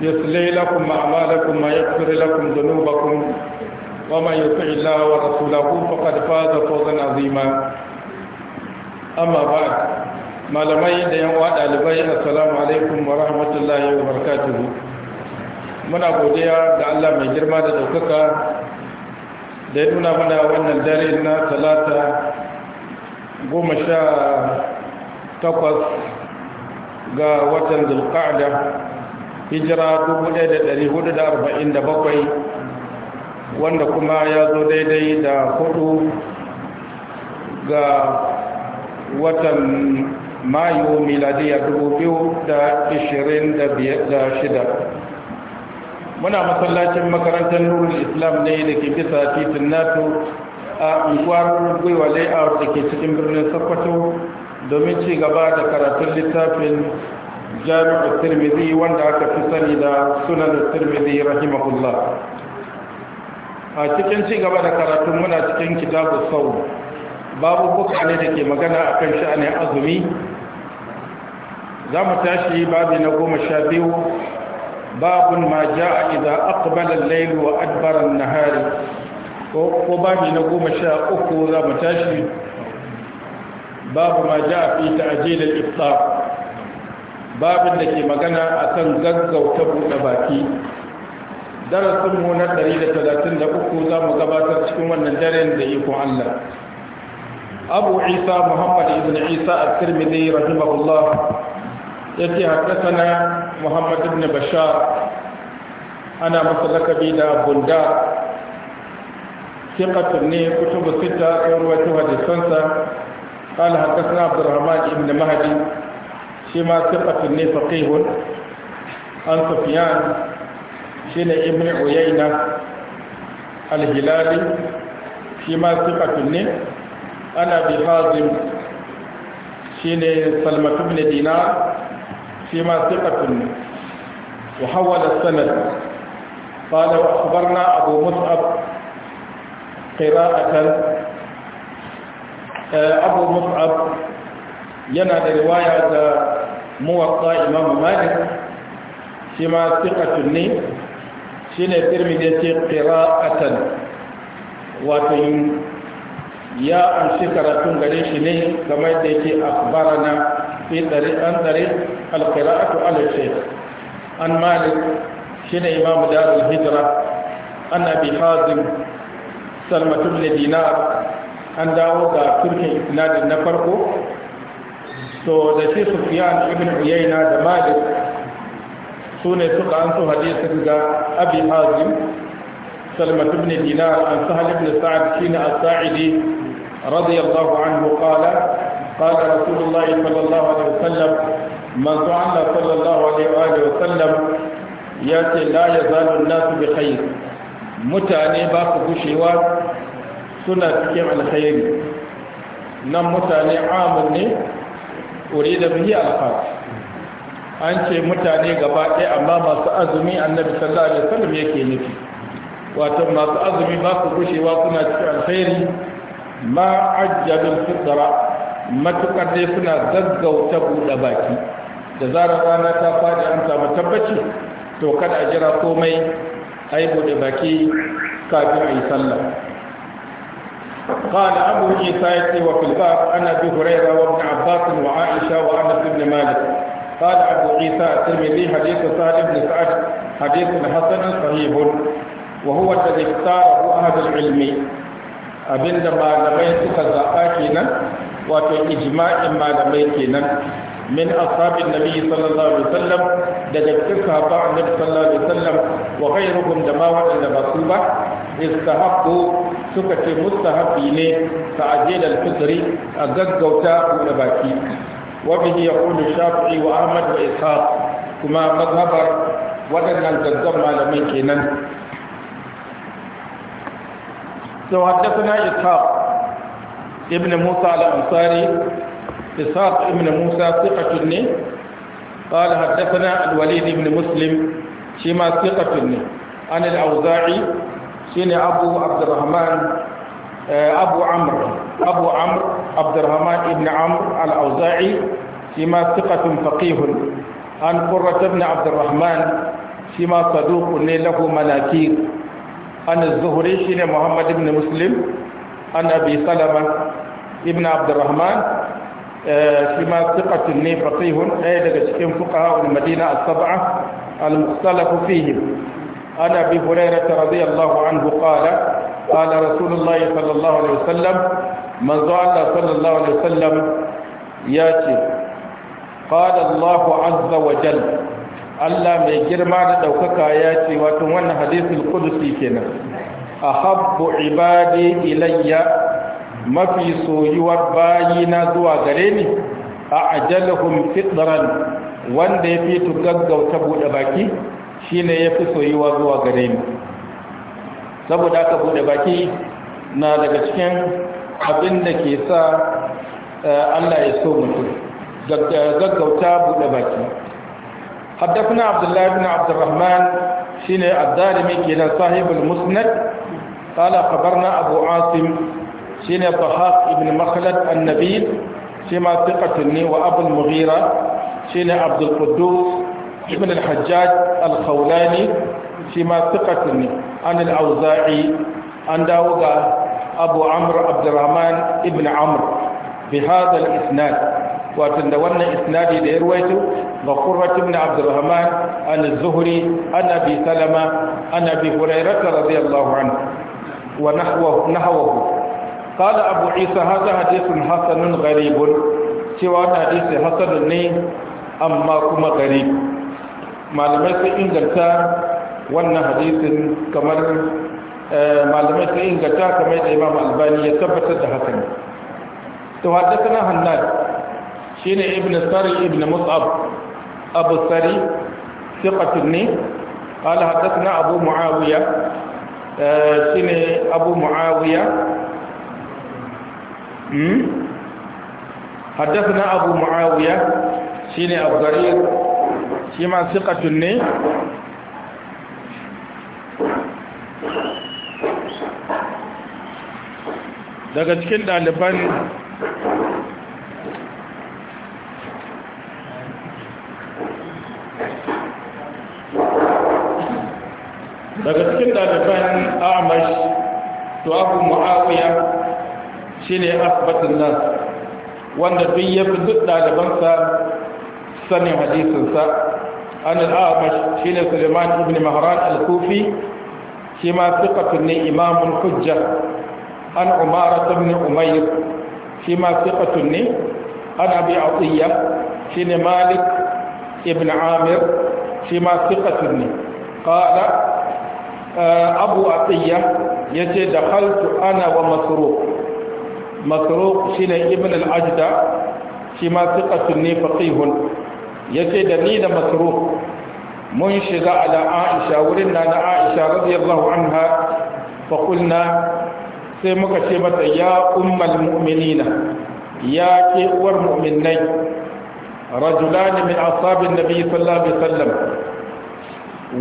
يصلي لكم أعمالكم ويغفر لكم ذنوبكم ومن يطع الله ورسوله فقد فاز فوزا عظيما أما بعد ما لمي ديان وعد السلام عليكم ورحمة الله وبركاته muna godiya da Allah mai girma da ɗaukaka da ya nuna mana wannan dare na talata goma sha takwas ga watan zulqa'da hijira 1447 wanda kuma ya zo daidai da hudu ga watan mayu miladiya 2026 muna masallacin makarantar nurul islam ne da ke bisa titin nato a unguwar gwiwa layout da ke cikin birnin sokoto domin ci gaba da karatun littafin jami'u tirmidhi wanda aka fi sani da sunan tirmidhi rahimahullah a cikin ci gaba da karatu muna cikin kitabu sau babu buka ne da ke magana akan sha'anin azumi za mu tashi babi na goma sha biyu babun ma ja'a idza aqbala al-layl wa adbara an-nahari ko babi na goma sha uku za mu tashi babu ma babin da ke magana a kan gaggauta buɗe baki darasinmu na 133 za mu gabatar cikin wannan daren da iko Allah abu isa muhammad ibn isa al-tirmidhi rahimahullah ya ce haddasana muhammad ibn bashar ana masa lakabi da bunda ثقة ne كتب ستة رواية حديثا قال حدثنا عبد الرحمن بن مهدي shi ma sifatun ne faqihun an sufyan shi ne ibn uyayna al-hilali shi ma sifatun ne an abi hazim shi ne salmat ibn dinar shi ma sifatun ne wa hawala sanad قال واخبرنا ابو مصعب قراءه abu mus'ab yana da riwaya da muwatta imam malik shi ma siqatun ne shine tirmidhi ce qira'atan wato ya amshi karatun gare shi ne kamar da yake akhbarana fi dari an dari alqira'atu ala shaykh an malik shine imam darul hijira. an abi hazim salmatu bin dinar an dawo ga turkin isnadin na farko to da shi sufiyan ibn uyayna da malik su ne suka an su hadisin ga abi hazim salmat ibn dinar an sahal ibn sa'ad shine as-sa'idi radiyallahu anhu qala قال رسول الله صلى الله عليه وسلم من فعل صلى الله عليه وآله وسلم ياتي لا يزال الناس بخير mutane ba ku gushewa suna cikin alkhairi nan mutane amur ne kore da bihi alfat an ce mutane gaba ɗaya amma masu azumi annabi sallallahu alaihi wasallam yake nufi wato masu azumi ba su gushewa suna cikin alkhairi ma ajjabin fitra matukar dai suna gaggauta buɗe baki da zarar rana ta faɗi an samu tabbaci to kada a jira komai ai buɗe baki kafin a yi sallah قال أبو عيسى وفي الباب أنا أبي هريرة وابن عباس وعائشة وأنس بن مالك قال أبو عيسى الترمذي حديث سالم بن سعد حديث حسن صحيح وهو الذي اختاره أهل العلم abinda malamai suka zaɓa kenan wato ijma'in malamai kenan min ashabin nabi sallallahu alaihi wasallam daga cikin sahaba annabi sallallahu alaihi wasallam wa ghayruhum da ma ba su ba suka ce mustahabi ne ta'jil al-fitri a gaggauta buɗe baki wa ya yaqulu shafi'i wa ahmad wa ishaq kuma mazhabar waɗannan gaggan malamai kenan Sau Haddasa na ishaq ibn musa al-ansari ishaq ibn musa thiqatun ne قال حدثنا الوليد بن مسلم شيما ثقة عن الأوزاعي shine abu abdurrahman abu amr abu amr abdurrahman ibn amr al-auza'i shi ma thiqatun faqihun an qurrat ibn abdurrahman shi ma saduq ne lahu manakir an az-zuhri shine muhammad ibn muslim an abi salama ibn abdurrahman shi ma thiqatun ne faqihun ɗaya daga cikin fuqaha al-madina as-sab'a al-mukhtalafu fihim عن ابي هريره رضي الله عنه قال قال رسول الله صلى الله عليه وسلم من زعل صلى الله عليه وسلم ياتي قال الله عز وجل Allah mai girma da ɗaukaka ya ce wato wannan hadisul qudusi kenan ahabbu ibadi ilaiya mafi soyuwar bayina zuwa gare ni a fitran wanda ya fito gaggauta buɗe baki shi ne ya fi soyuwa zuwa gare ni saboda aka bude baki na daga cikin abin da ke sa eh, allah ya so mutum eh, gaggauta bude baki haddafin abdullahi bin abdurrahman shi ne azalimi ke kenan sahibul musnad kala kabar na abu asim shi ne bahaf ibn makhalad annabi shi ma fiƙatun ne wa abul mughira shi ne abdulkudus ابن الحجاج الخولاني فيما ثقتني عن الأوزاعي عن داوود أبو عمرو عبد الرحمن ابن عمرو بهذا الإسناد وتندون إسنادي لرويته وقرة ابن عبد الرحمن عن الزهري عن أبي سلمة عن أبي هريرة رضي الله عنه ونحوه نحوه قال أبو عيسى هذا حديث حسن غريب سواء حديث حسن أما كما غريب malamai sun inganta wannan hadisin kamar eh, malamai sun inganta kamar da imam albani ya tabbatar da hakan to haddathana hannad ne ibn sari ibn mus'ab abu sari thiqatun ne قال حدثنا أبو معاوية شنو أبو معاوية حدثنا أبو معاوية شنو الضرير shi ma siƙatun ne daga cikin ɗaliban daga cikin daliban amash to abu mu'awiya shi ne asibitin nan wanda duk ya fi duk dalibansa sanin hadisinsa أن الأعمش حين سليمان بن مهران الكوفي فيما ثقة أني إمام الحجة عن عمارة بن عمير فيما ثقة أني عن أبي عطية حين مالك بن عامر فيما ثقة أني قال آه، أبو عطية يجي دخلت أنا ومسروق مسروق حين ابن الأجدى فيما ثقة أني فقيه Ya ce da ni da makruh mun shiga ala aisha wurin na na aisha radiyallahu anha fa qulna sai muka ce mata ya ummal mu'minina ya ke uwar mu'minai rajulani min ashabin nabi sallallahu alaihi wasallam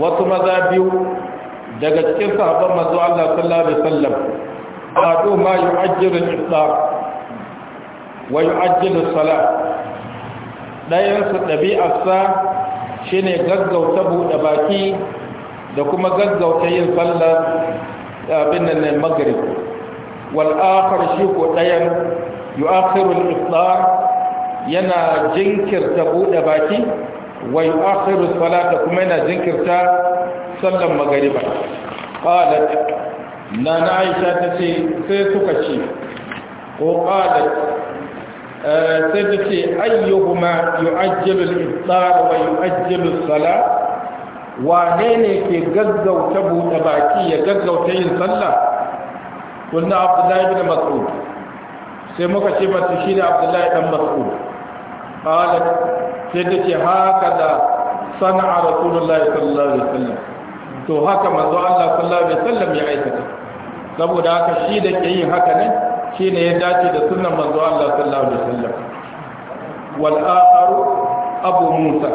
wasu maza biyu daga cikin sahabban manzo Allah sallallahu alaihi wasallam adu ma yu'ajjilu al-iftar wa yu'ajjilu as-salat ɗayansu ɗabi'arsa shi ne gaggauta buɗe baki da kuma gaggauta yin sallar abin nan magrib wal'akar shi ko ɗayan yu'akhirul iftar yana jinkirta buɗe baki wa yu'akhirus da kuma yana jinkirta sallar magariba qalat na na aisha tace sai suka ce ko qalat Eh, sai ta ce ayyuhuma yu'ajjilu al-iftar wa yu'ajjilu as-salah wane ne ke gaggauta buɗe baki ya gaggauta yin sallah kunna abdullahi ibn mas'ud sai muka ce mata shi ne abdullahi dan mas'ud qala sai ta ce haka da sana'a rasulullahi sallallahu alaihi wasallam to haka manzo Allah sallallahu alaihi wasallam ya aikata saboda haka shi da ke yin haka ne Shi ne ya dace da sunan manzo Allah sallallahu alaihi wasallam wal akhar abu musa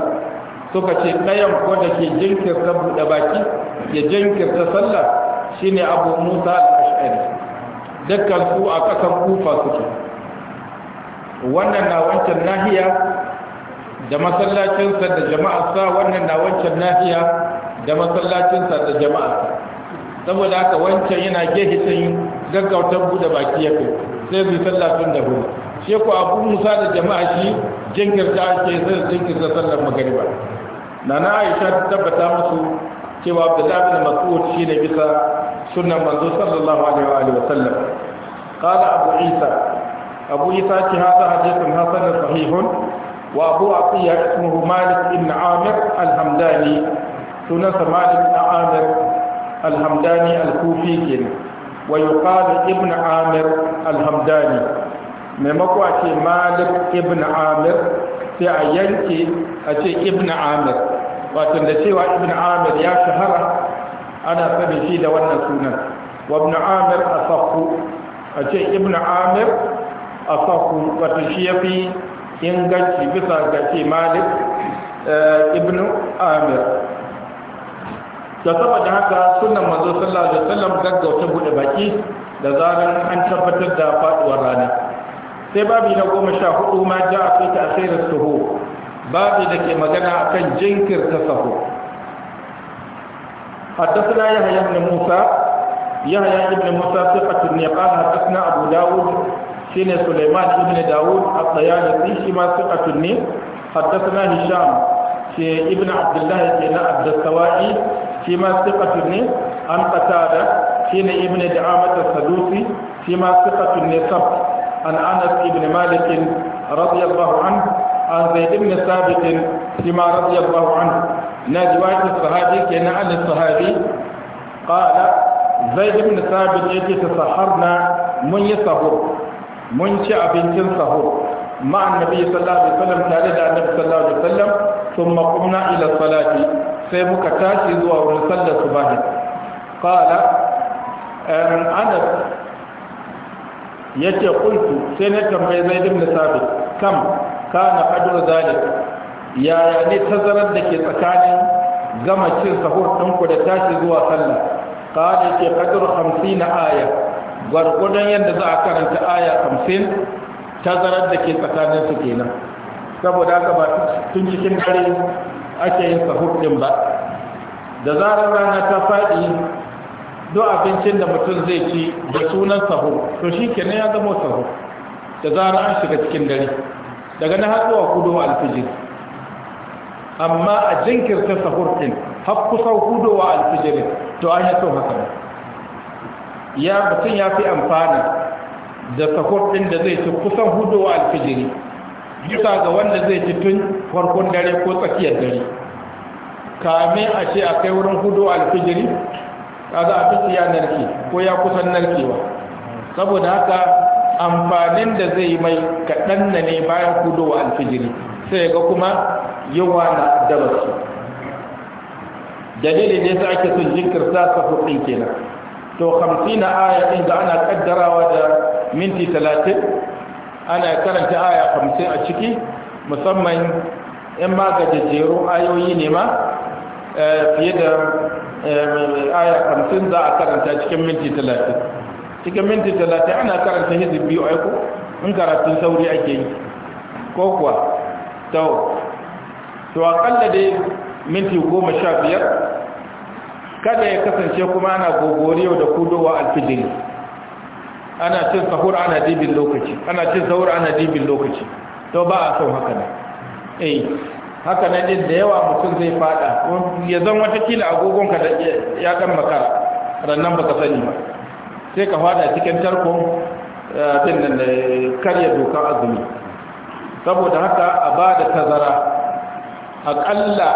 suka ce ɗayan ko da ke jinkirta buɗe baki ya jinkirta sallah shine abu musa al-ash'ari dukkan su a ƙasan kufa suke wannan na wancan nahiya da masallacinsa da jama'arsa wannan na wancan nahiya da masallacinsa da jama'arsa saboda haka wancan yana gehe sai gaggautar buɗe baki ya kai sai zai sallah tun da hudu shi ko abu musa da jama'a shi jinkirta ake sai jinkirta sallar magariba nana aisha ta tabbata musu cewa abdullahi bin mas'ud shine bisa sunnan manzo sallallahu alaihi wa sallam qala abu isa abu isa ce hada hadithun hasan sahihun wa abu atiya ismuhu malik ibn amir al-hamdani sunan malik ibn amir الهمداني الكوفي كن ويقال ابن عامر الهمداني ممكو أتي مالك ابن عامر في أينكي أتي ابن عامر وأتن لسيوى ابن عامر يا شهرة أنا فبزيد ونسونا وابن عامر أصفه أتي ابن عامر أصفه وتشي في إنجاتي بصر مالك آه، ابن عامر ta saboda haka sunan mazo sallallahu sallam gaggauta buɗe baki da zarar an tabbatar da faduwar rana sai babi na goma sha hudu ma ja a kai ta asirar taho da ke magana a kan jinkir ta saho haddasana ya hayan na musa ya ibn musa sai fatir ne ba abu dawud shi ne suleiman ibn dawud a tsaya da ma sai fatir ne hisham في ابن عبد الله بن عبد السوائي فيما ثقة الناس أن قتادة حين ابن دعامة السدوسي فيما ثقة النسب عن أنس بن مالك رضي الله عنه عن زيد بن ثابت فيما رضي الله عنه نجوى الصحابي كان عن الصحابي قال زيد بن ثابت يجي تسحرنا من يسهر من شعب سهر مع النبي صلى الله عليه وسلم تالي النبي صلى الله عليه وسلم sun maƙumna ila salati sai muka tashi zuwa wani sallar subahi ƙala anas ya ce kultu sai na tambayi zai dimna sabi kam kana kadur zalik yaya ne tazarar da ke tsakanin gama cin sahur ɗinku da tashi zuwa sallah ƙala ke kadur hamsin na aya gwargwadon yadda za a karanta aya hamsin tazarar da ke tsakaninsu kenan saboda haka ba tun cikin dare ake yin sahur din ba da zarar rana ta faɗi duk abincin da mutum zai ci da sunan sahur to shi kenan ya zama sahur da zarar an shiga cikin dare daga na har zuwa wa alfijir amma a jinkirta sahur din har kusa wa alfijir to an yi so haka ya mutum ya fi amfana da sahur din da zai ci kusan wa alfijiri bisa ga wanda zai ci tun farkon dare ko tsakiyar dare kame a ce a kai wurin hudu alfijiri a fi ya narke ko ya kusan narkewa saboda haka amfanin da zai mai kaɗan na ne bayan hudu alfijiri sai ga kuma yawa na dabarsu dalilin ne sa ake son jinkirta fuɗin kenan to hamsin na aya da ana ƙaddarawa da minti talatin ana karanta aya hamsin a ciki musamman yan magajajeru ayoyi ne ma eh, fiye da eh, aya hamsin za a karanta cikin minti talatin cikin minti talatin ana karanta hizib biyu aiko in karatun sauri ake yi ko kuwa tau to akalla dai minti goma sha biyar kada ya kasance kuma ana gogoriyo da kudowa alfijiri ana cin sahur ana dibin lokaci ana cin sahur ana dibin lokaci to ba a son haka ne. eh haka ne din da yawa mutum zai fada ya zan watakila agogon ka da ya dan maka rannan baka sani ba sai ka fada cikin tarkon din eh, nan da karya dokar azumi saboda haka a ba da tazara aƙalla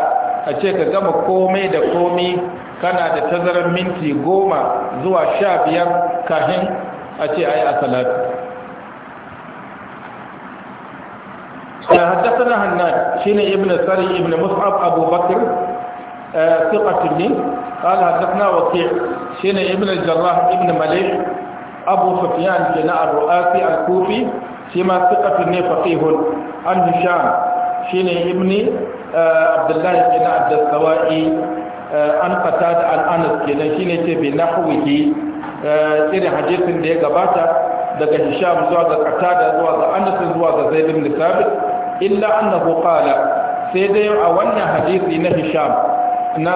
a ce ka gama komai da komai kana da tazarar minti goma zuwa sha biyar kafin أتي أي أسلات حدثنا salatu شين ابن سري ابن مصعب أبو بكر آه، ثقة مني قال حدثنا وكيع شين ابن الجراح ابن مليح أبو سفيان جناء الرؤاسي الكوفي شما ثقة مني فقيه عن هشام شين ابن آه، عبد الله شين عبد السوائي آه، عن قتاد عن أنس شين بنحوه irin hadisin da ya gabata daga hisham zuwa ga da zuwa ga annasin zuwa ga zaid ibn thabit illa annahu qala sai dai a wannan hadisi na hisham na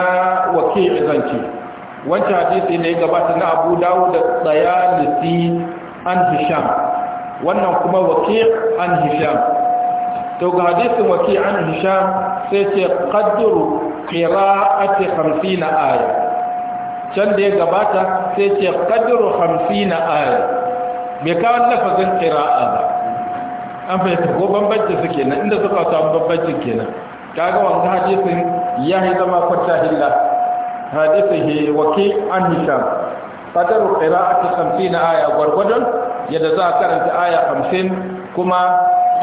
waki' zanci wancan hadisi ne ya gabata na abu dawo da lissi an hisham wannan kuma wakil an hisham to ga hadisin wakil an hisham sai ce qaddaru qira'ati 50 aya can da ya gabata sai ce kadiru hamsi na aya mai kawo lafazin ƙira'a ba an fahimta ko bambanci su nan inda suka samu bambancin kenan ga wanzu hadisun ya yi zama kwanta ya yi waki an hisham kadiru ta hamsi na aya gwargwadon yadda za a karanta aya hamsin kuma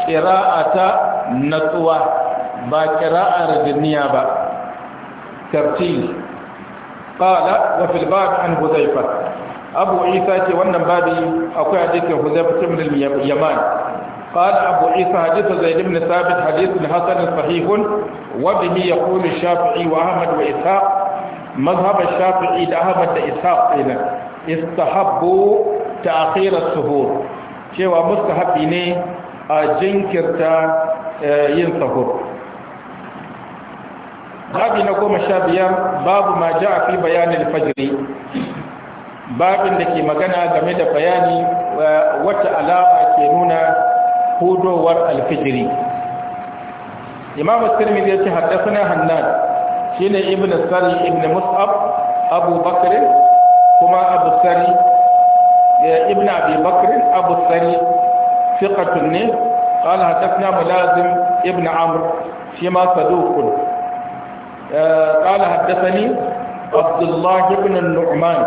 ta natsuwa ba da duniya ba tartili qala wa fil bab an huzaifa abu isa ce wannan babi akwai hadisin huzaifa ibn al yaman qala abu isa hadithu zaid ibn thabit hadithun hasan sahih wa bihi yaqul shafi'i wa ahmad isa mazhab shafi'i da ahmad da isa ina istahabbu ta'khir as-suhur cewa mustahabi ne a jinkirta yin suhur. babi na goma sha biyar babu ma ja a fi bayanin fajiri babin da ke magana game da bayani wata alama ke nuna hudowar alfijiri imam tirmidhi ya ce haddasana hannan shine ibn sari ibn mus'ab abu bakirin kuma abu sari ibn abi bakr abu sari thiqatun ne qala hadathna mulazim ibn amur shi ma saduqun قال حدثني عبد الله بن النعمان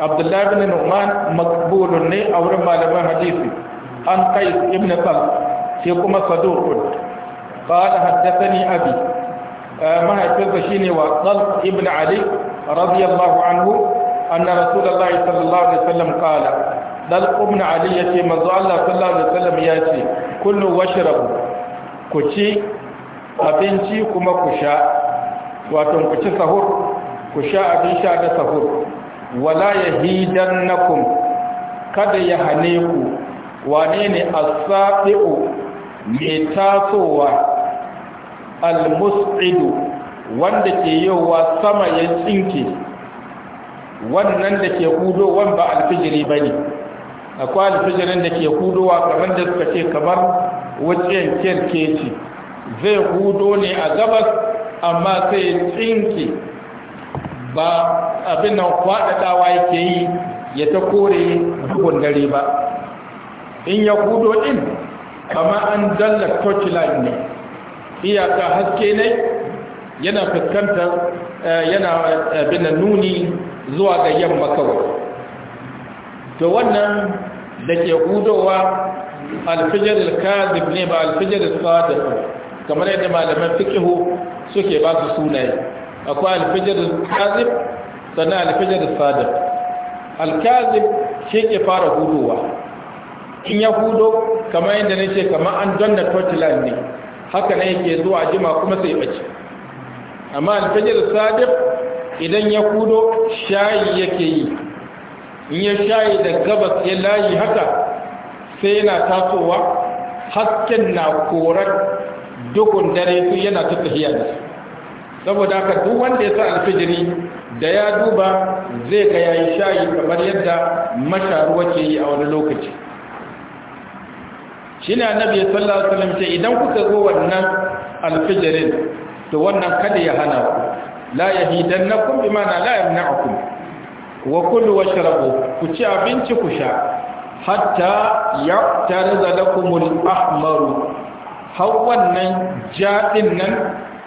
عبد الله بن النعمان مقبول ني او رما لما حديثي عن قيس ابن طلق شيكما صدوق قال حدثني ابي ما حدث شيني وطلق ابن علي رضي الله عنه أن رسول الله صلى الله عليه وسلم قال دلق ابن علي يتي منذ الله صلى الله عليه وسلم ياتي كل واشرب كشي أبنتي كما كشاء wato ku ci sahur ku sha abin sha da sahur wala yahidannakum kada ya hane ku wane ne as-sabi'u mai tasowa almus'idu? wanda ke yowa sama ya tsinke wannan da ke wan ba alfijiri ba ne akwai alfijirin da ke hudowa kamar da suka ce kamar wucin kirkeci zai hudo ne a gabas amma sai tsinki ba abin nan kwaɗaɗawa yake yi ya ta kore dubun dare ba in ya hudo ɗin kama an dalla torchlight ne iyaka haske ne yana fuskantar eh, yana eh, abin nan nuni zuwa ga yamma kawai to wannan da ke hudowa alfijar al ne ba alfijar al-sadiq kamar yadda malaman fikihu suke ba su sunaye akwai alfijir kazib sannan alfijir sadiq alkazib shi ke fara hudowa in ya hudo kamar yadda na ce kamar an donna portland ne haka na yake zuwa jima kuma sai bace amma alfijir sadiq idan ya hudo shayi yake yi in ya shayi da gabas ya layi haka sai yana tasowa hasken na korar dukun dare su yana ta tafiya da saboda haka duk wanda ya sa alfijiri da ya duba zai ga yayi shayi kamar yadda masharuwa ke yi a wani lokaci shine annabi sallallahu alaihi wasallam ce idan kuka zo wannan alfijirin to wannan kada ya hana ku la yahidannakum bima la yamna'ukum wa kullu washrabu ku ci abinci ku sha hatta ya lakum al ahmaru har wannan jaɗin nan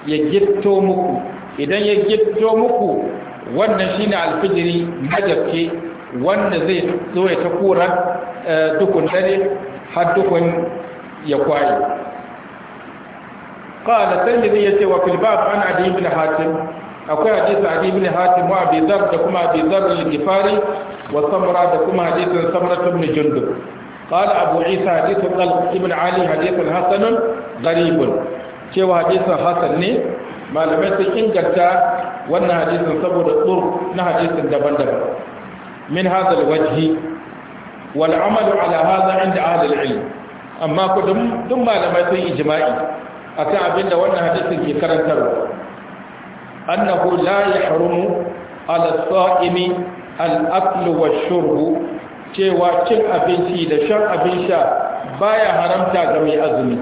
ya gitto muku idan ya gitto muku wannan shine alfijiri majarke wanda zai zo ya ta kura eh, dukun dare har dukun ya kwaye قال سيدي يتي وفي الباب عن عدي بن حاتم akwai hadisi Ali Hatim wa Abi da kuma Abi Dharr al-Ghifari wa Samra da kuma hadisin Samra ibn قال أبو عيسى حديث طلق ابن علي حديث حسن غريب cewa hadisin hasan ne malamai sun inganta wannan hadisin saboda tsur na hadisin daban-daban min hadal wajhi wal amalu ala hadha inda ahli ilm amma ku duk malamai sun ijma'i akan abinda wannan hadisin ke karantarwa annahu la yahrumu ala as-sa'imi al-aklu wash-shurbu cewa cin abinci da shan abin sha baya haramta ga mai azumi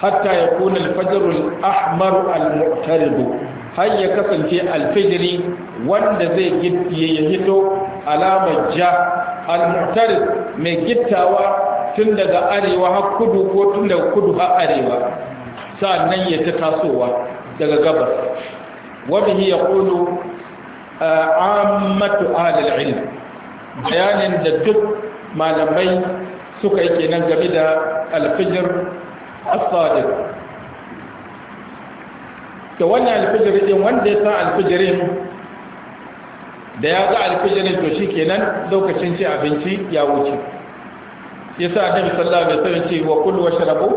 hatta ya kuna fajarul ahmar al-mu'taridu har ya kasance alfijiri wanda zai ya hito alamar ja al-mu'tarid mai gittawa tun daga arewa har kudu ko tun daga kudu har arewa nan ya ta tasowa daga gabas wani ya kulu ah, ammatu ahlul ilmi bayanin da duk malamai suka yi kenan game da alfijir as-sadiq to wannan alfijir din wanda ya san alfijirin da ya ga alfijirin to shi kenan lokacin ci abinci ya wuce yasa annabi sallallahu alaihi wasallam ce wa kulu washrabu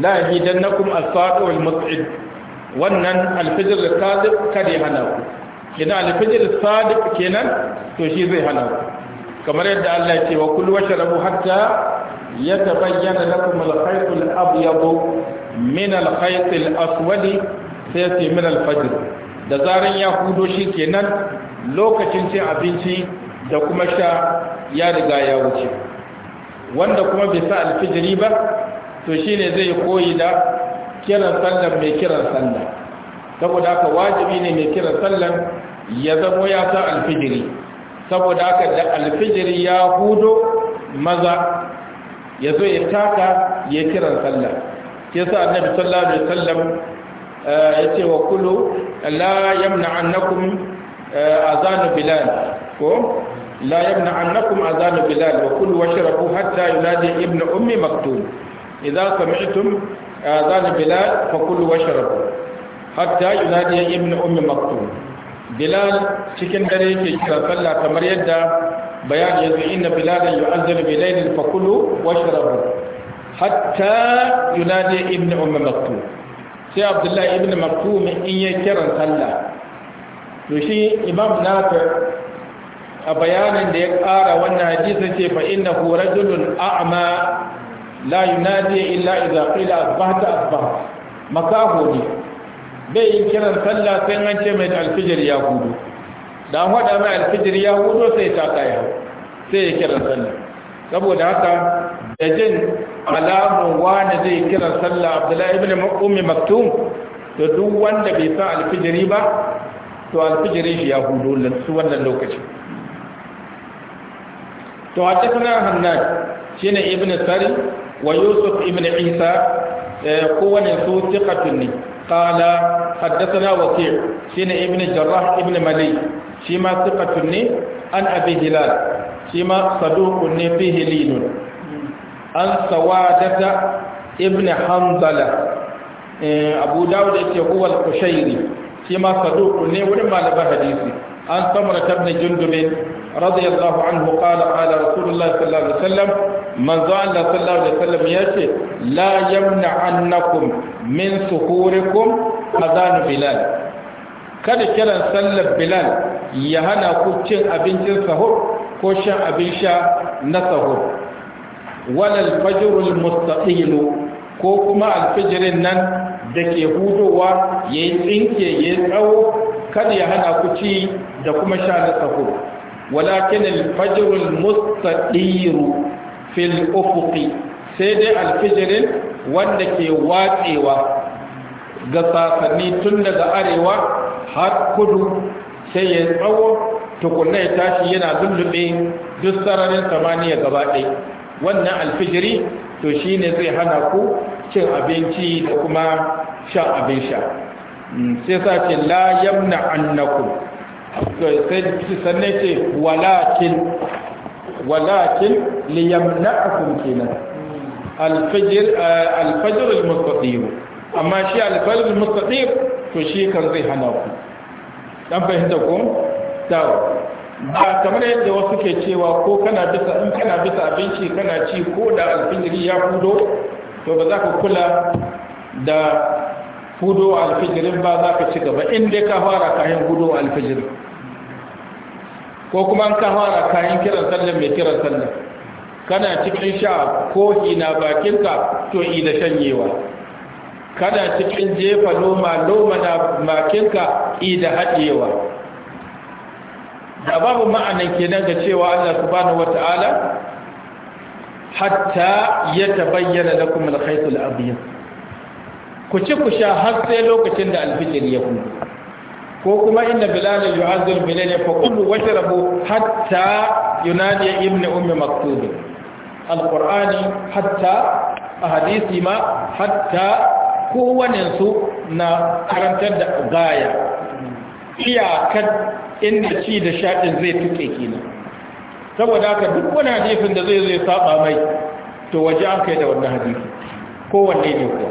la hidannakum as-sadiq wal mut'id wannan alfijir da kadi kada ya hana ku ina alfijir sadiq kenan to shi zai hana kamar yadda Allah ya ce wa kullu washrabu hatta yatabayyana lakum al-khayt al-abyad min al-khayt al-aswad sayati min al-fajr da zaran ya hudo shi kenan lokacin cin abinci da kuma sha ya riga ya wuce wanda kuma bai sa alfijiri ba to shine zai koyi da kiran sallan mai kiran sallan saboda haka wajibi ne mai kiran sallar. ya zamo ya sa alfijiri saboda haka da alfijiri ya hudo maza ya zo ya taka ya kiran sallah ke sa annabi sallallahu alaihi wasallam eh, ya ce wa kulu la yamna annakum eh, azanu bilal ko la yamna annakum azanu bilal wa kulu washrabu hatta yunadi ibnu ummi maktum idza sami'tum azanu bilal fa kulu washrabu hatta yunadi ibnu ummi maktum bilal cikin dare yake kira sallah kamar yadda bayani yanzu inna bilalan yu'azzanu bi laylin fakulu washrabu hatta yunadi ibnu umm maktum sai abdullahi ibnu maktum in ya kiran sallah to shi imam nafi a bayanin da ya kara wannan hadisi ce fa innahu rajulun a'ma la yunadi illa idza qila asbahta asbahta makaho ne bai yin kiran sallah sai an ce mai alfijir ya hudu da an faɗa mai alfijir ya hudu sai ta kaya sai ya kiran sallah saboda haka da jin alamun wani zai kiran sallah abdullahi ibn ummi maktum to duk wanda bai sa alfijiri ba to alfijiri shi ya hudu su wannan lokaci to a haddathana hannad shine ibn sari wa yusuf ibn isa eh, kowane su thiqatun ne قال حدثنا وكيع سين ابن جراح ابن ملي فيما ثقة عن أبي هلال فيما صدوق فيه لين عن سوادة ابن حنظلة إيه، أبو داود هو القشيري فيما صدوق ولما لبى حديثي عن ثمرة بن جندب رضي الله عنه قال قال رسول الله صلى الله عليه وسلم manzo Allah sallallahu alaihi wasallam ya ce la yamna annakum min suhurikum azan bilal kada kiran sallar bilal ya hana ku cin abincin sahur ko shan abin sha na sahur walal fajrul mustaqil ko kuma alfijirin nan da ke hudowa yayi tsinke yayi tsawo kada ya hana ku ci da kuma sha na sahur walakin alfajrul mustaqil fil ufuqi sai dai alfijirin wanda ke watsewa ga sasanni tun daga arewa har kudu sai ya tsawo tukunna ya tashi yana lullube duk sararin samaniya gaba ɗaya wannan alfijiri to shine zai hana ku cin abinci da kuma shan abin sha sai sa ce la yamna annakum sai sannan ce walakin walakin ليمنعكم كنا الفجر الفجر al اما شيء الفجر amma shi كان زي al to shi hana ku dan fahimta ba kamar yadda wasu ke cewa ko kana bisa in kana bisa abinci kana ci ko da alfijiri ya fudo to ba za ka kula da fudo alfijirin ba za ka ci gaba in dai ka fara kayan gudo alfijirin ko kuma an ka kayan kiran sallar mai kiran sallar kana cikin sha ko ina bakinka to ina shanyewa kana cikin jefa noma noma na bakinka ina haɗewa da babu ma'anan kenan ga cewa Allah subhanahu wata'ala hatta ya tabayyana lakum al-khayt abyad ku ci ku sha har sai lokacin da alfijir ya kuma ko kuma inda bilal yu'azzir bilal fa kullu washrabu hatta yunadi ibn ummi maktub alqur'ani hatta ahadisi ma hatta kowane su na karantar da gaya iyakar inda ci da shaɗin zai tuke kenan saboda haka duk wani hadisin da zai zai saba mai to waje an kai da wannan hadisi kowanne ne ko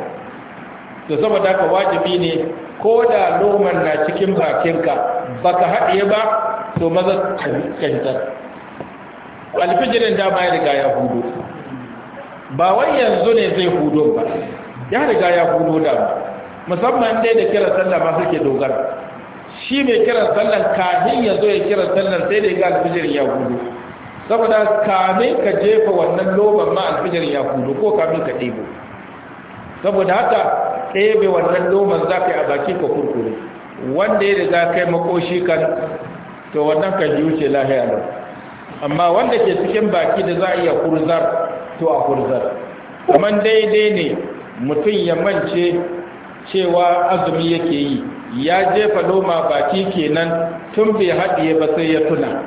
da saboda haka wajibi ne ko da noman na cikin bakinka baka haɗe ba to maza kantar alfijirin ba ya riga ya hudu ba wai yanzu ne zai hudu ba ya riga ya hudu da musamman dai da kiran sallah masu ke dogara shi mai kiran sallah kafin ya zo ya kira sallah sai da ga alfijirin ya hudu saboda kamin ka jefa wannan loban ma alfijirin ya hudu ko kamin ka ɗebo saboda haka ɗebe wannan noman za ka yi a baki ka kurkure wanda ya riga kai makoshi kan to wannan kan yi wuce lahiya nan amma wanda ke cikin baki da za a iya kurzar to a kurzar Kuma daidai ne mutum ya mance cewa azumi yake yi ya jefa noma baki kenan tun bai haɗiye ba sai ya tuna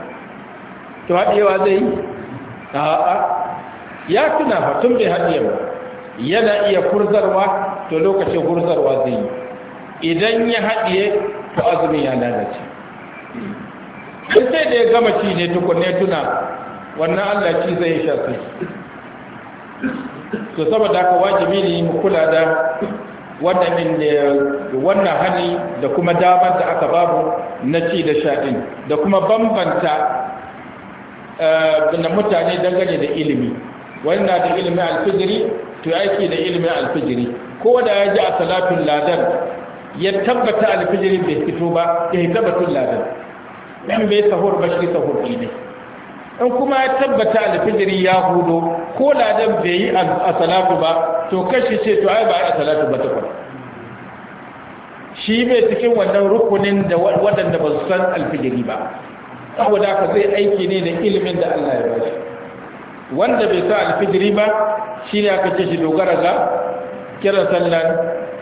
to haɗiyewa zai yi a'a ya tuna ba tun bai haɗiye ba yana iya kurzarwa to lokacin gursarwa zai yi idan ya haɗiye to azumin ya lalace sai sai da ya gama ci ne tukunne tuna wannan allah ci zai sha sai to saboda haka wajibi ne mu kula da wannan wannan hani da kuma damar da aka babu na ci da sha din da kuma bambanta da eh, mutane dangane da ilimi wani na da ilimin alfijiri to aiki da ilimin alfijiri ko da ya ji a salatun ladan ya tabbata alfijirin bai fito ba ya yi tabbatun ladan in bai sahur ba shi sahur ne in kuma ya tabbata alfijiri ya hudo ko ladan bai yi a salatu ba to kashi ce to ai ba a salatu ba takwas shi bai cikin wannan rukunin da waɗanda ba su san alfijiri ba saboda ka zai aiki ne da ilimin da Allah ya shi. wanda bai sa alfijiri ba shi ne aka ce shi dogara ga kiran sallan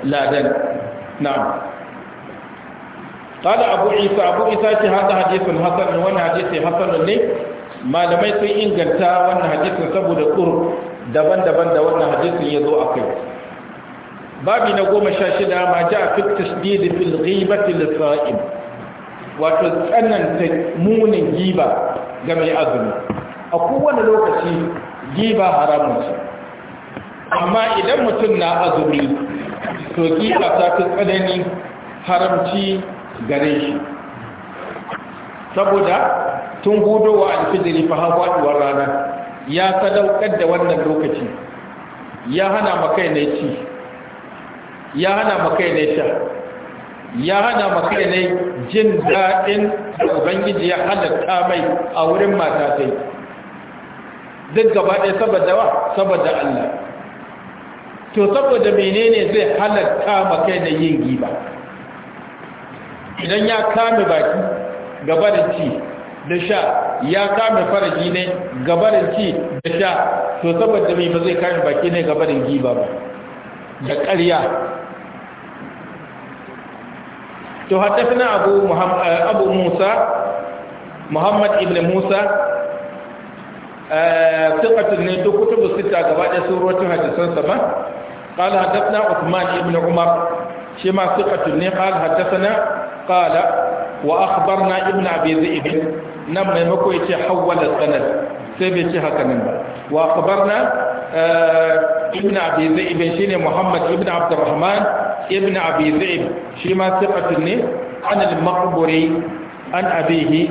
ladan na'am قال أبو عيسى أبو عيسى هذا حديث حسن وانا حديث حسن ne malamai sun inganta wannan hadisin saboda kur daban-daban da wannan hadisin ya zo a kai babi na goma sha shida ma ja fi tasdidi fil ghibati lisa'im wato tsananta munin giba ga mai azumi a kowane lokaci giba haramun ce amma idan mutum na azumi to kila ta fi tsanani haramci gare shi saboda tun hudowa alfijiri fa hawa rana ya sadaukar da wannan lokaci ya hana makai ne ci ya hana makai ne sha ya hana makai ne jin daɗin da ubangiji ya halatta mai a wurin mata duk gaba ɗaya saboda wa saboda Allah to saboda menene zai halatta kai da yin giba idan ya kame baki gabarin ci da sha ya kame faraji ne gabarin ci da sha to saboda mai ba zai kame baki ne gabarin giba ba da ƙarya to haddafina abu eh, abu musa muhammad ibn musa sifatun eh, ne duk kutubu sita gaba ɗaya sun rotun ba قال حدثنا عثمان بن عمر شما ثقة قال حدثنا قال وأخبرنا ابن أبي ذئب نم مكو يتي حول السند سيبي يتي هكذا وأخبرنا آه ابن أبي ذئب شيني محمد ابن عبد الرحمن ابن أبي ذئب شما ثقة عن المقبري عن أبيه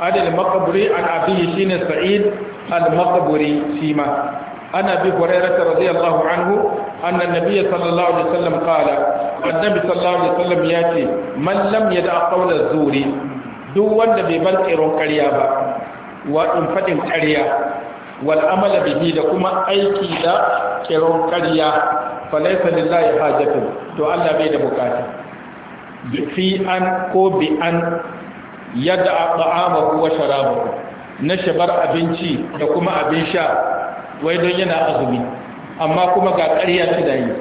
عن المقبري عن أبيه شيني سعيد المقبري شيما عن ابي هريره رضي الله عنه ان النبي صلى الله عليه وسلم قال النبي صلى الله عليه وسلم ياتي من لم يدع قول الزور duk wanda bai bar tsiron karya ba waɗin faɗin karya. wal amala bihi da kuma aiki da tsiron ƙarya falaisa lillahi hajatun to Allah bai da bukata fi an ko bi an yadda a ta'amahu wa sharabahu na shabar abinci da kuma abin sha wai don yana azumi amma kuma ga ƙarya suna yi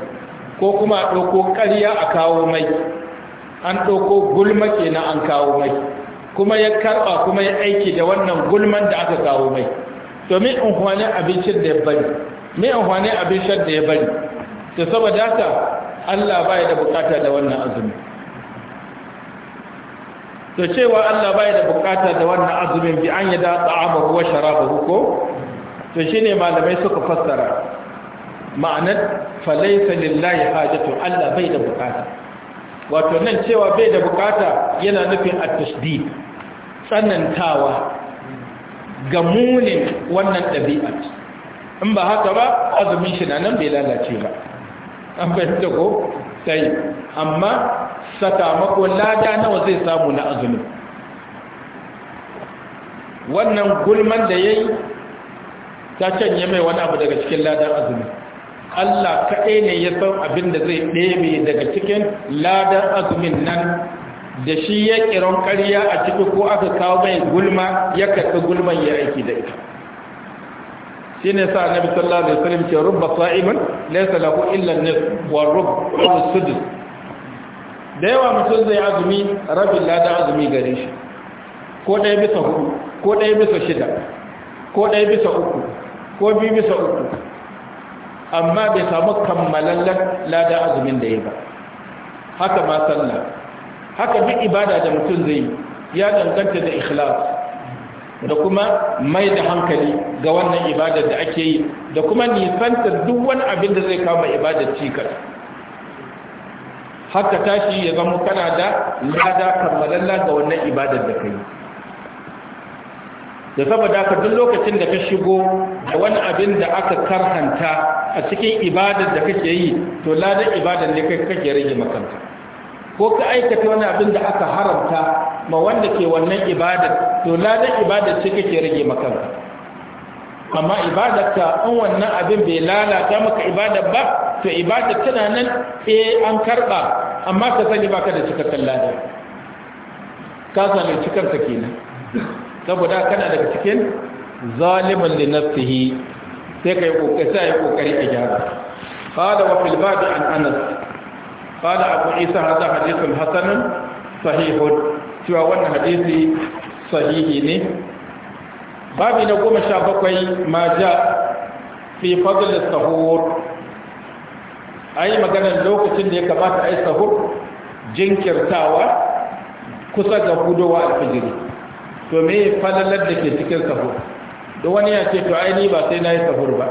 ko kuma a ɗauko ƙarya a kawo mai an ɗauko gulma kenan an kawo mai kuma ya karɓa kuma ya aiki da wannan gulman da aka kawo mai domin in hwane abincin da ya bari mai in hwane abincin da ya bari to saboda haka Allah baya da bukata da wannan azumi to cewa Allah baya da bukata da wannan azumin bi an yada ta'amahu wa sharabahu ko to shi ne malamai suka fassara ma'anar falaisa lillahi hajatu Allah bai da bukata wato nan cewa bai da bukata yana nufin at-tasdid tsanantawa ga munin wannan ɗabi'a in ba haka ba azumin shi na nan bai lalace ba an fahimta ko sai amma sakamako lada nawa zai samu na azumin wannan gulman da ya yi ta canye mai wani abu daga cikin ladar azumi Allah kaɗai ne ya san abin da zai ɗebe daga cikin ladar azumin nan da shi ya kiran ƙarya a ciki ko aka kawo mai gulma ya kasu gulman ya aiki da ita shi ne sa na sallallahu alaihi wasallam ce rubba sa'imin laisa lafi illan ne wa rubba sudu da yawa mutum zai azumi rabin ladan azumi gare shi ko ɗaya bisa hudu ko ɗaya bisa shida ko ɗaya bisa uku ko biyu bisa uku amma bai samu kammalallen lada azumin da ya ba haka ma sallah haka bi ibada da mutum zai ya danganta da ikhlas da kuma mai da hankali ga wannan ibadar da ake yi da kuma nisantar duk wani abin da zai kama ibadar cikas haka tashi ya zama kana da lada kammalalla ga wannan ibadar da kai da saboda ka duk lokacin da ka shigo da wani abin da aka karhanta a cikin ibadar da kake yi to ladan ibadar ne kai kake rage makanta ko ka aikata wani abin da aka haramta ma wanda ke wannan ibadar to ladan ibadar ce kake rage makanta amma ibadarka an wannan abin bai lalata maka ibadar ba to ibadar tana nan eh an karba amma ka sani baka da cikakken ladan ka sani cikarka kenan saboda kana daga cikin zaliman li nafsihi sai kai yi sai kokari a gyara qala wa fil bab an anas qala abu isa hada hadithun hasanun sahihun cewa wannan hadisi sahihi ne babi na goma sha bakwai ma ja fi fadl sahur ai maganar lokacin da ya kamata ai sahur jinkirtawa kusa ga hudowa alfijiri to me falalar da ke cikin sahur duk wani ya ce to ai ni ba sai na yi sahur ba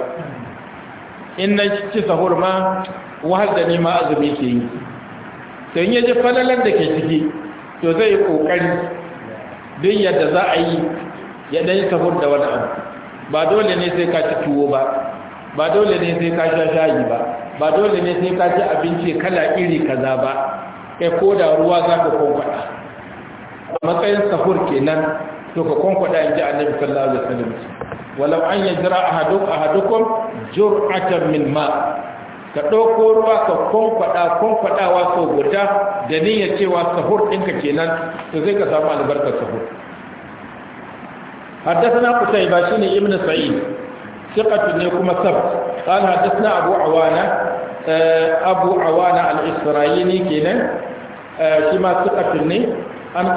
in na ci sahur ma wahal da ni ma azumi ke yi to in ya ji falalar da ke ciki to zai yi kokari duk yadda za a yi ya ɗan sahur da wani abu ba dole ne sai ka ci tuwo ba ba dole ne sai ka sha shayi ba ba dole ne sai ka ci abinci kala iri kaza ba kai ko da ruwa za ka kwankwada matsayin safur kenan to ka kwankwada in ji annabi sallallahu alaihi wasallam walau an yajra ahaduk ahadukum jur'atan min ma ka ɗauko ruwa ka kwankwada kwankwadawa sau guda da niyyar cewa sahur ɗinka kenan to zai ka samu albarkar sahur حدثنا قتيبة شين ابن سعيد ثقة نيكم السبت قال حدثنا أبو عوانة أبو عوانة الإسرائيلي كنا شما ثقة نيكم an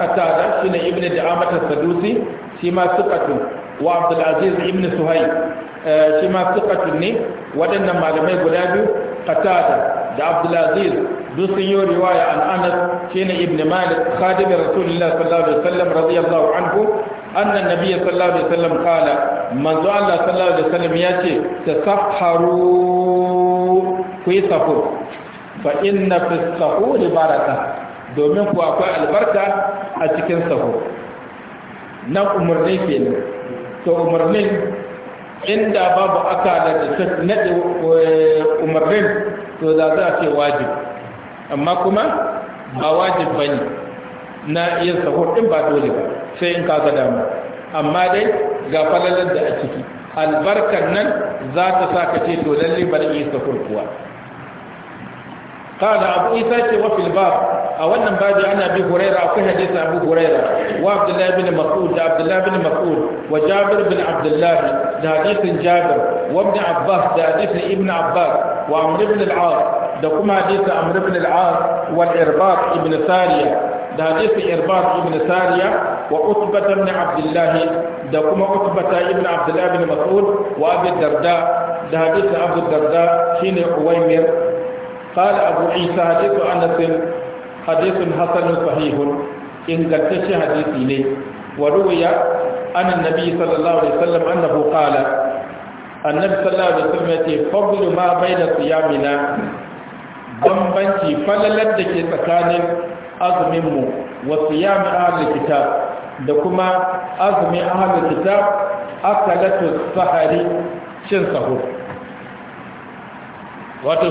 shi ne ibnu da'amat as-sadusi shi ma thiqatun wa abdul aziz ibnu suhayb eh, shi ma thiqatun ne waɗannan malamai guda biyu qatada da abdul aziz duk sun yi riwaya an anas shine ibnu malik khadim rasulullah sallallahu alaihi wasallam radiyallahu anhu أن النبي صلى الله عليه وسلم قال من ذو الله صلى الله عليه وسلم يأتي تسحروا في سحور فإن في السحور بركة domin kuwa akwai albarka a cikin sahu nan umarni ne to umarnin inda babu aka da naɗe eh, umarnin to za za a ce wajib amma kuma ba wajib ba ne na iya sahu ɗin ba dole ba sai in kaga dama amma dai ga falalar da a ciki albarkar nan za ta sa ka ce to lalle bari iya sahu kuwa قال أبو إساك وفي الباب أولا بعد أنا أبي هريرة أو حديث أبو هريرة وعبد الله بن مسعود عبد الله بن مسعود وجابر بن عبد الله حديث جابر وابن عباس حديث ابن عباس وعمر بن العاص دكما حديث عمرو بن العاص والإرباط ابن سارية حديث إرباط ابن سارية وعتبة بن عبد الله دكما عتبة ابن عبد الله بن مسعود وأبي الدرداء حديث أبو الدرداء حين عويمر قال أبو عيسى حديث أنس حديث حسن صحيح إن قدتش حديث إليه وروي عن النبي صلى الله عليه وسلم أنه قال النبي صلى الله عليه وسلم فضل ما بين صيامنا bambanci falalar da ke tsakanin azuminmu wa siyami ahalar kitab da kuma azumin ahalar kitab akalatu sahari cin wato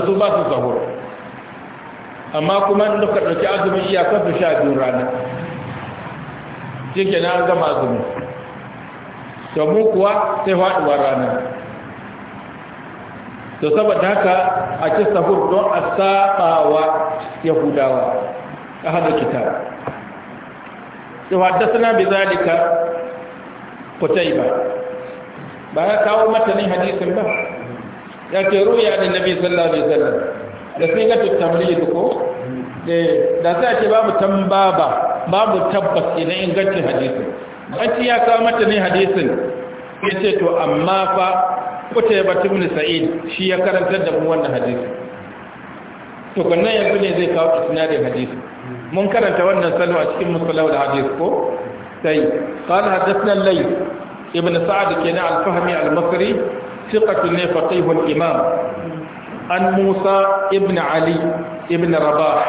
amma kuma in ka ɗauki azumin iyakar su sha biyu rana cikin na gama azumin to mu kuwa sai faɗuwar rana to saboda haka a ci sahur don a saɓawa yahudawa a hada kitab sai suna bi zalika kutai ba Ba ya kawo matanin hadisin ba ya ce ruya da nabi sallallahu alaihi wasallam da sai ga tamrid ko eh, da sai a ce babu tambaba babu tabbas idan ingancin hadisin bacci ya kawo mata ne hadisin ya ce to amma fa kuta ya batu ne sa'id shi ya karanta da mu wannan hadisi to kunnan ya ne zai kawo da hadisi mun karanta wannan salo a cikin musallau da hadis ko sai qala hadathna al layl ibn sa'd kana al-fahmi al-masri thiqatun faqihul imam عن موسى ابن علي ابن رباح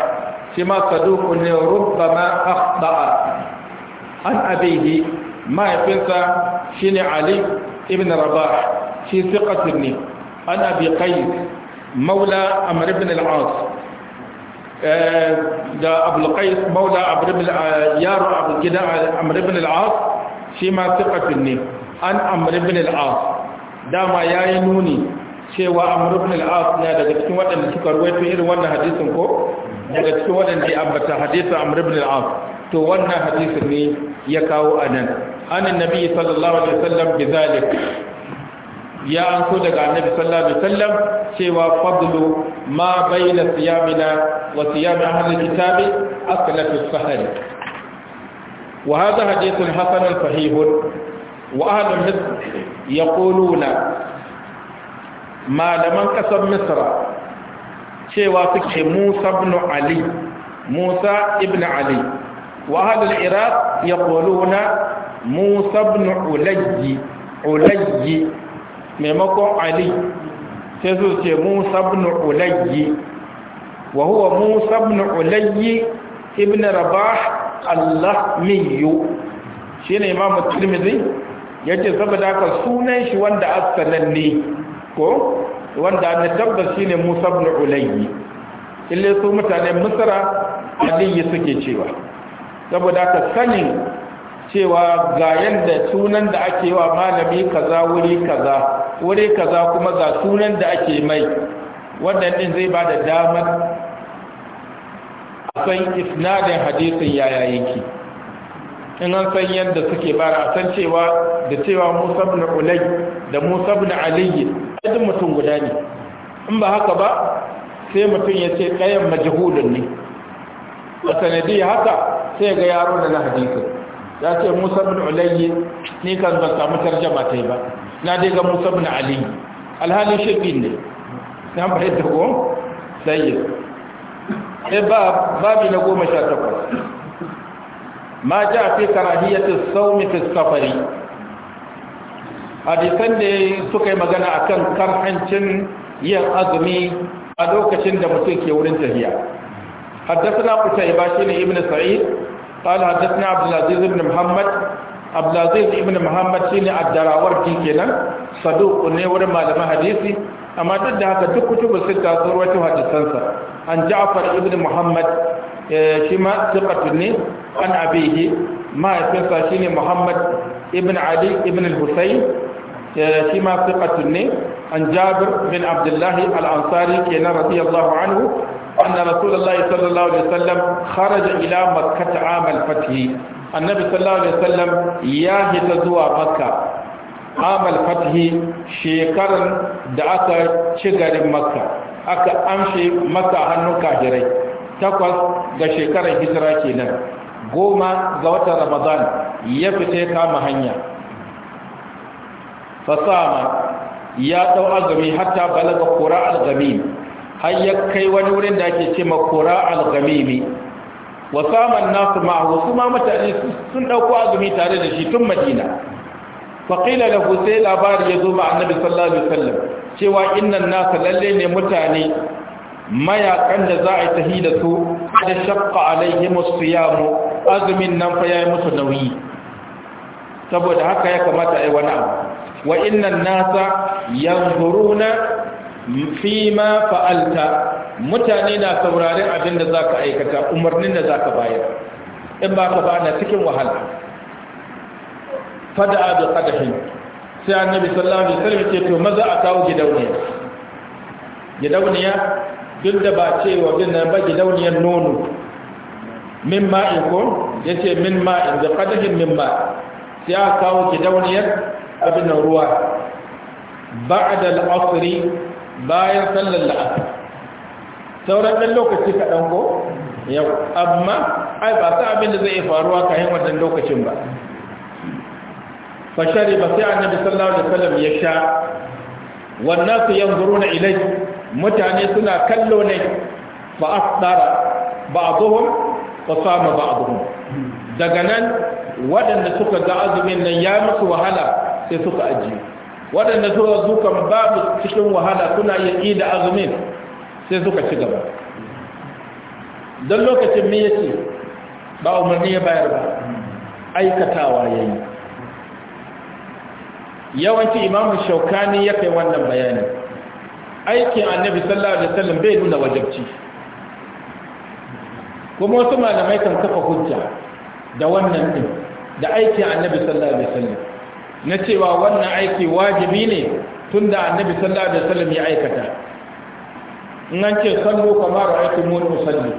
فيما صدوق ربما أخطأ عن أبيه ما يفنسى شن علي ابن رباح في ثقة ابني عن أبي قيس مولى أمر بن العاص دا آه، أبو القيس مولى أمر بن يارو أبو كده أمر بن العاص فيما ثقة ابني عن أمر بن العاص دا ما ياينوني cewa amr ibn al-as na daga cikin waɗanda suka ruwaito irin wannan hadisin ko daga cikin waɗanda ya ambata hadisin amr ibn al-as to wannan hadisin ne ya kawo anan an annabi sallallahu alaihi wasallam bizalik ya an so daga annabi sallallahu alaihi wasallam cewa fadlu ma baina siyamina wa siyam ahli kitabi aklatu sahari wa hadha hadithun hasanun sahihun wa ahlul hizb yaquluna malaman ƙasar misra cewa suke musa ibn ali musa ibn ali wa hadal iraq ya na musa ibn ulayyi ulayyi maimakon ali sai su ce musa ibn ulayyi wa huwa musa ibn ulayyi ibn rabah allahmiyyu shine imam tirmidhi yace saboda haka sunan shi wanda asalan ne ko wanda ne tabbas shine Musa ibn Ulayyi ille su mutanen Misra aliyu suke cewa saboda ka sanin cewa ga yanda sunan da ake wa malami kaza wuri kaza wuri kaza kuma ga sunan da ake mai wannan din zai bada damar a san isnadin hadisin yaya yake in an san yadda suke bara a san cewa da cewa musa bin ulayy da musa bin aliyu ajin mutum guda ne in ba haka ba sai mutum ya ce ɗayan majahulun ne a sanadi haka sai ga yaro da na hadisun ya ce musa bin aliyu ne kan ban samu tarjama ta ba na dai ga musa bin aliyu alhalin shaƙi ne na bayar da ko sayyid sai babi na goma sha takwas ma ja fi karahiyatis saumi fi safari hadisan da suka yi magana akan karhancin yin azumi a lokacin da mutum ke wurin tafiya na حدثنا Ibn بن ابن haddasa na حدثنا Ibn Muhammad. بن Ibn Muhammad العزيز بن a شيني الدراورتي nan, صدوق ne wurin malamin hadisi amma duk da haka duk kutubu sita sun rawaito hadisansa an Ja'far ibn Muhammad eh, shi ma thiqatu ne an abihi mahaifinsa shine Muhammad ibn Ali ibn al-Husayn Eh, shi ma siqatun ne an jabir bin abdullah al-ansari kenan radiyallahu anhu A rasulullahi sallallahu alaihi wasallam kharaja ila makkah am al-fath annabi sallallahu alaihi wasallam ya hita zuwa makka am al shekaran da aka ci garin makka aka amshe maka hannun kafirai takwas da shekarar hijira kenan goma ga watan ramadan ya fita kama hanya fasama ya dau azumi hatta balaga qura al har ya kai wani wurin da ake cewa qura al-ghamimi wa nasu ma'ahu ma mutane sun ɗauko azumi tare da shi tun Madina Faƙila da sai labari ya zo ma annabi sallallahu alaihi wasallam cewa innan nasa lalle ne mutane mayakan da za a yi da su da su alaihim as mu, azumin nan fa yi musu nauyi saboda haka ya kamata yi wani abu wa innan nasa yanzuruna fi ma fa'alta mutane na sauraren abin da zaka aikata umarnin da zaka bayar in ba ka ba na cikin wahala fada'a da qadahin sai annabi sallallahu alaihi wasallam ce to maza a kawo gidauniya gidauniya duk da ba cewa din nan ba gidauniyar nono min ma'in ko yace min ma'in da qadahin min ma sai a kawo gidauniyar abin nan ruwa ba'da al-asri bayan sallar la'asar sauran ɗan lokaci kaɗan ko yau amma ai ba sa abin da zai faruwa kayan wannan lokacin ba fashari ba sai annabi sallallahu alaihi wasallam ya sha wannan su yanzuruna ilai mutane suna kallo ne fa asdara ba'dhum fa sama ba'dhum daga nan waɗanda suka ga azumin nan ya musu wahala sai suka ajiye waɗanda suka zukan babu cikin wahala suna iya da azumin sai suka ci gaba don lokacin me yake ba umarni ya bayar ba aikatawa ya yi yawanci imamu shaukani ya kai wannan bayani aikin annabi sallallahu alaihi wasallam bai nuna wajabci kuma wasu malamai kan kafa hujja da wannan din da aikin annabi sallallahu alaihi wasallam na cewa wannan aiki wajibi ne tun da annabi sallallahu alaihi wasallam ya aikata in an ce sallu kamar ra'aytu mun musalli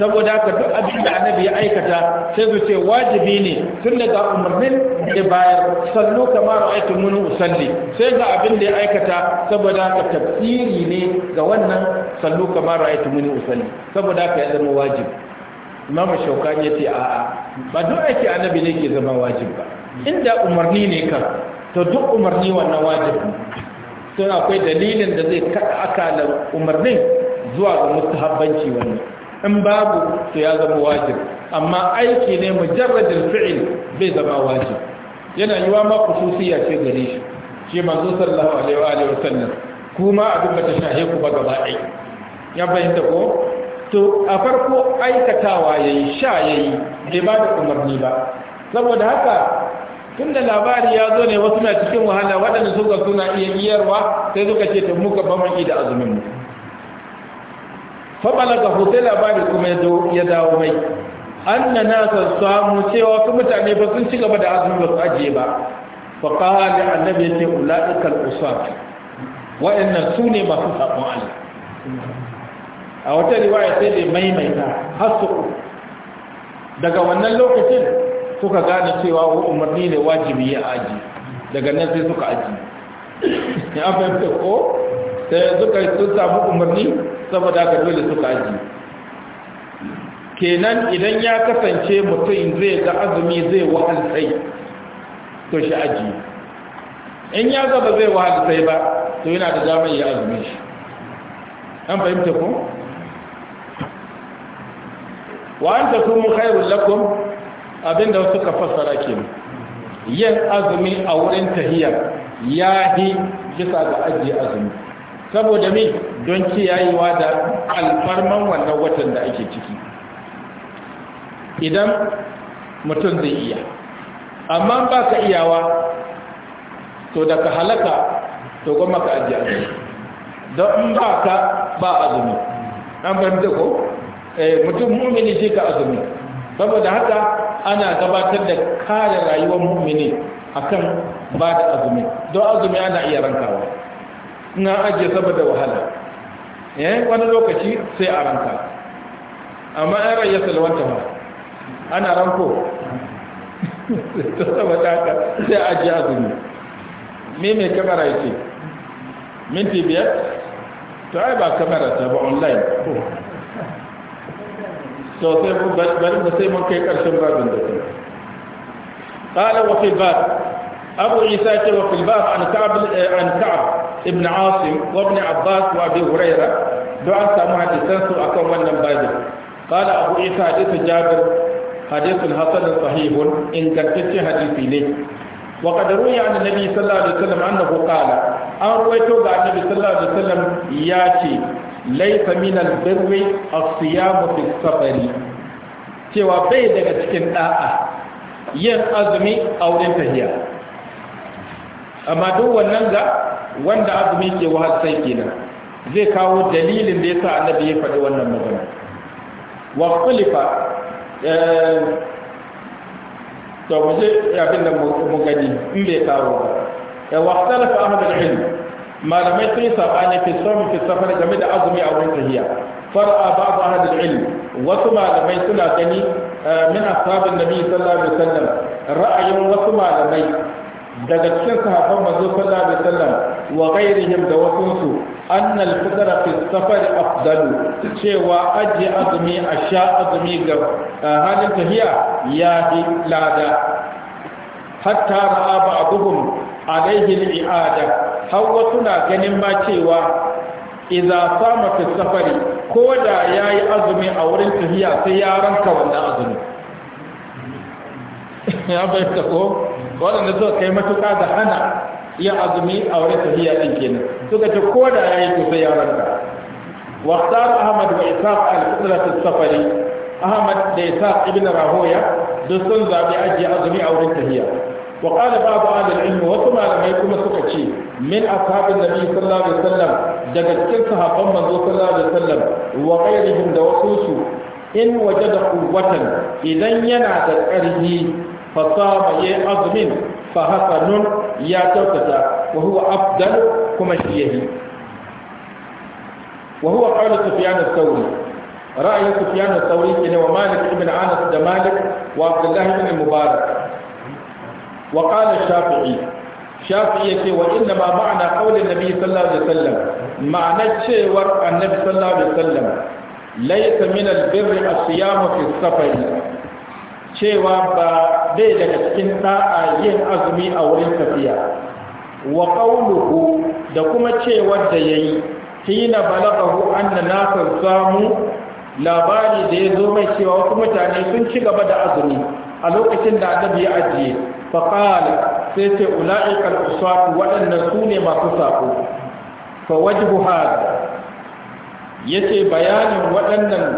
saboda haka duk abin da annabi ya aikata sai su ce wajibi ne tun daga umarnin da bayar sallu kamar ra'aytu mun musalli sai ga abin da ya aikata saboda haka tafsiri ne ga wannan sallu kamar ra'aytu mun musalli saboda haka ya zama wajibi imamu shaukani ya ce a'a ba duk aiki annabi ne ke zama wajibi ba inda umarni ne ka, to duk umarni wannan wajibi sun akwai dalilin da zai kaɗa akalar umarnin zuwa ga mustahabbanci wannan in babu to ya zama wajib amma aiki ne mujarrajin fi'il bai zama wajib yana yiwa ma kususiya ce gare shi shi manzo sallallahu alaihi wa alihi wasallam kuma abin bata shahe ku ba gaba ya bayyana ko to a farko aikatawa yayi sha yayi bai ba da umarni ba saboda haka tun da labari ya zo ne wasu na cikin wahala waɗanda suka suna iya iyarwa sai suka ce ta muka ba maki da azumin mu fabala ga hoto labari kuma ya dawo mai an na nasa samu cewa su mutane ba sun ci gaba da azumin ba su ajiye ba faƙali annabi ce ula'ikal usat waɗannan su ne masu saƙon allah a wata riwaya sai dai maimaita har daga wannan lokacin suka gane cewa umarni ne wajibi ya aji daga nan sai suka aji ya fahimta ko sai suka sun samu umarni saboda ka dole suka aji kenan idan ya kasance mutum zai ga azumi zai wahalsai to shi aji in ya zaba zai wahalsai ba to yana da damar ya azumi shi an fahimta ko wa an khairul mun lakum abinda wasu ka fassara ne yin azumi a wurin tahiyya ya yi bisa ga ajiye azumi saboda mai don kiyayewa da alfarman wannan watan da ake ciki idan mutum zai iya amma ba ka iyawa to daga halaka to goma ka ajiye azumi don in ba ka ba azumi an fahimta ko eh, mutum mummini shi ka azumi saboda haka ana gabatar da kare rayuwar mu'mini akan ba da azumi don azumi ana iya rankawa na ajiye saboda wahala eh wani lokaci sai a ranka amma an rayu salwanta ba ana ranko saboda haka sai a ajiye azumi me mai kamara yake minti biyar to ai ba kamara ta ba online to sai mun bari mu sai mun kai karshen babin da shi qala wa fil bab abu isa ce wa fil bab an ka'b eh, an ka'b ibn asim wa ibn abbas wa abi huraira do an samu hadisan su akan wannan babin qala abu isa hadithu jabir hadithun hasanun sahihun ingantacce hadisi ne وقد روي عن النبي صلى الله عليه وسلم انه قال An رويته عن النبي صلى الله عليه ya ce. laifa min albirri as-siyamu fi safari cewa bai daga cikin da'a yin azumi a wurin tahiya amma duk wannan ga wanda azumi ke wahal sai kenan zai kawo dalilin da yasa annabi ya faɗi wannan magana wa khulifa eh, to mu je abin da mu gani in bai kawo ba eh, wa khalafa ahmad al-ilm malamai sun yi sabani fi sami fi safar game da azumi a wurin tahiya fara babu ahadul ilm wasu malamai suna gani eh, min ashabin nabi sallallahu alaihi wasallam ra'ayin wasu malamai daga cikin sahabban manzo sallallahu alaihi wasallam wa ghairihim da wasu su annal fitr fi safar afdalu cewa aji azumi a sha azumi ga eh, halin tahiya ya fi lada hatta ra'a ba'dhum alaihi al-i'ada hawa suna ganin ma cewa iza sama fi safari ko da ya yi azumi a wurin tafiya sai ya ranka wannan azumi ya bai ta ko waɗanda suka kai matuƙa da hana yin azumi a wurin tafiya ɗin kenan suka ce ko da ya yi to sai ya ranka al أحمد وإسحاق Ahmad da السفر أحمد لإسحاق Rahoya sun zabi ajiye azumi a wurin tafiya. وقال بعض أهل العلم وسمع لما يكون سكتشي من أصحاب النبي صلى الله عليه وسلم دقت كل صحابة من صلى الله عليه وسلم وغيرهم دوسوس إن وجد قوة إذا ينعت الأرض فصام يأظم فحسن يا توتتا وهو أفضل كما شيه وهو قول سفيان الثوري رأي سفيان الثوري ومالك بن أنس مالك وعبد الله بن المبارك wa qala shafi'i shafi'i yake wa inna ma ma'ana qaulin nabi sallallahu alaihi wasallam ma'ana cewar annabi sallallahu alaihi wasallam laysa min albirri as-siyam fi safar cewa ba dai daga cikin da'a yin azumi a wurin tafiya wa qauluhu da kuma cewar da yayi hina balagahu anna nasar samu labari da ya zo mai cewa wasu mutane sun ci gaba da azumi a lokacin da annabi ya ajiye faƙala sai ce ula'ikar usatu waɗannan su ne masu saƙo fa wajhu hada ya ce bayanin waɗannan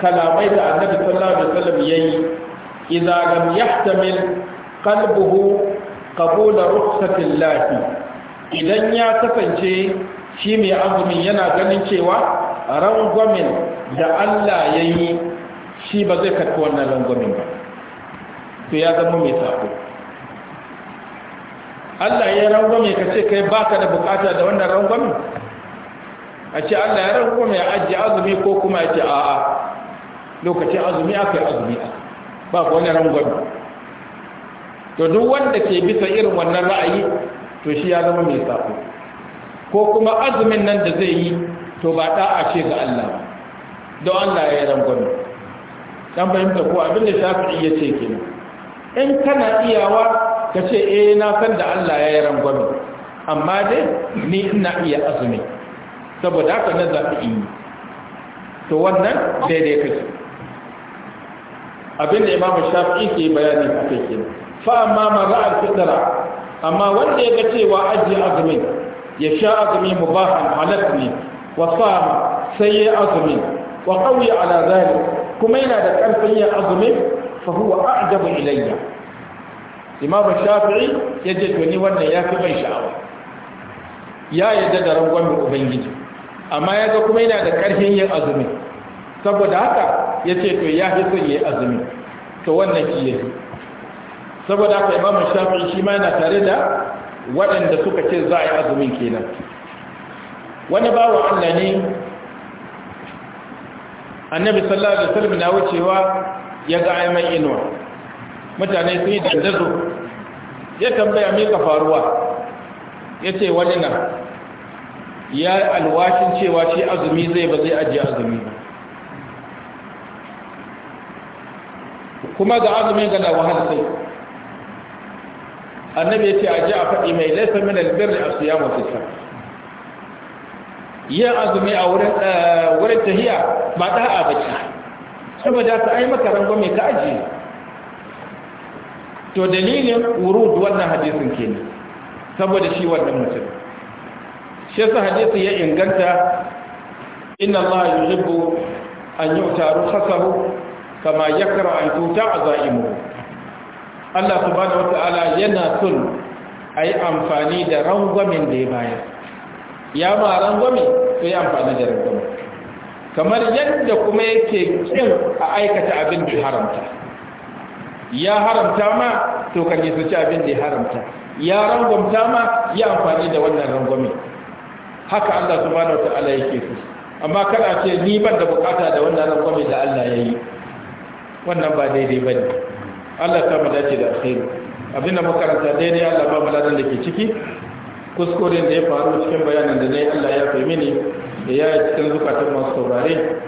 kalamai da annabi sallallahu alaihi wasallam yayi idza yahtamil qalbuhu qabula rukhsatil lahi idan ya kasance shi mai azumin yana ganin cewa rangwamin da Allah yayi shi ba zai karɓi wannan rangwamin ba to ya zama mai sako Allah ya rangwame ka ce kai baka da bukata da wannan rangwame a ce Allah ya rangwame ya ajiye azumi ko kuma ya ce a'a lokacin azumi aka yi azumi ba ku wani rangwame to duk wanda ke bisa irin wannan ra'ayi to shi ya zama mai sako ko kuma azumin nan da zai yi to ba da'a ce ga Allah don Allah ya yi rangwame dan fahimta ko abin da shafi iya ce kenan in kana iyawa ka ce eh na san da Allah ya yi rangwami amma dai ni ina iya azumi saboda haka na zaɓi in yi to wannan daidai kake abinda imam shafi ke bayani a kai ke fa amma mara'ar fitara amma wanda ya ga cewa ajiye azumi ya sha azumi mubahan halal ne wa sama sai ya azumi wa kauye ala zalik kuma yana da karfin ya azumi fa huwa a'jabu ilayya imamu shafi'i ya ce to ni wannan ya fi ban sha'awa ya yadda da rangwamin ubangiji amma ya ga kuma yana da ƙarfin yin azumi saboda haka ya ce to ya fi son yi azumi to wannan shi ya saboda haka imamu shafi'i shi ma yana tare da waɗanda suka ce za a yi azumin kenan wani bawa allah ne annabi sallallahu alaihi wasallam na wucewa ya ga ayman inuwa mutane sun yi dandazo ya tambaya me ka faruwa ya ce wani na ya alwashin cewa shi azumi zai ba zai ajiye azumi ba kuma ga azumin na wahal sai annabi ya ce a ji a faɗi mai laifin min albir a ya masu sa yin azumi a wurin eh, tahiya ba ta ha'a ba ce saboda ta ai maka mai ka ajiye to dalilin wurud wannan hadisin kenan saboda shi wannan mutum shi yasa hadisi ya inganta inna Allah yuhibbu an yu'ta rukhsahu kama yakra an tuta azaimu Allah subhanahu wataala yana son ayi amfani da rangwamin da ya bayar ya ma rangwame sai amfani da rangwami kamar yadda kuma yake kin a aikata abin da haramta ya haramta ma to ka nisanci abin da ya haramta ya rangwamta ma ya amfani da wannan rangwame haka Allah subhanahu wata'ala yake so amma kana ce ni ban da bukata da wannan rangwame da Allah ya yi wannan ba daidai bane Allah ta mu dace da alheri abin da makaranta daidai Allah ba mu ladan da ke ciki kuskuren da ya faru cikin bayanan da ne Allah ya fahimi ne ya yi cikin zukatun masu saurare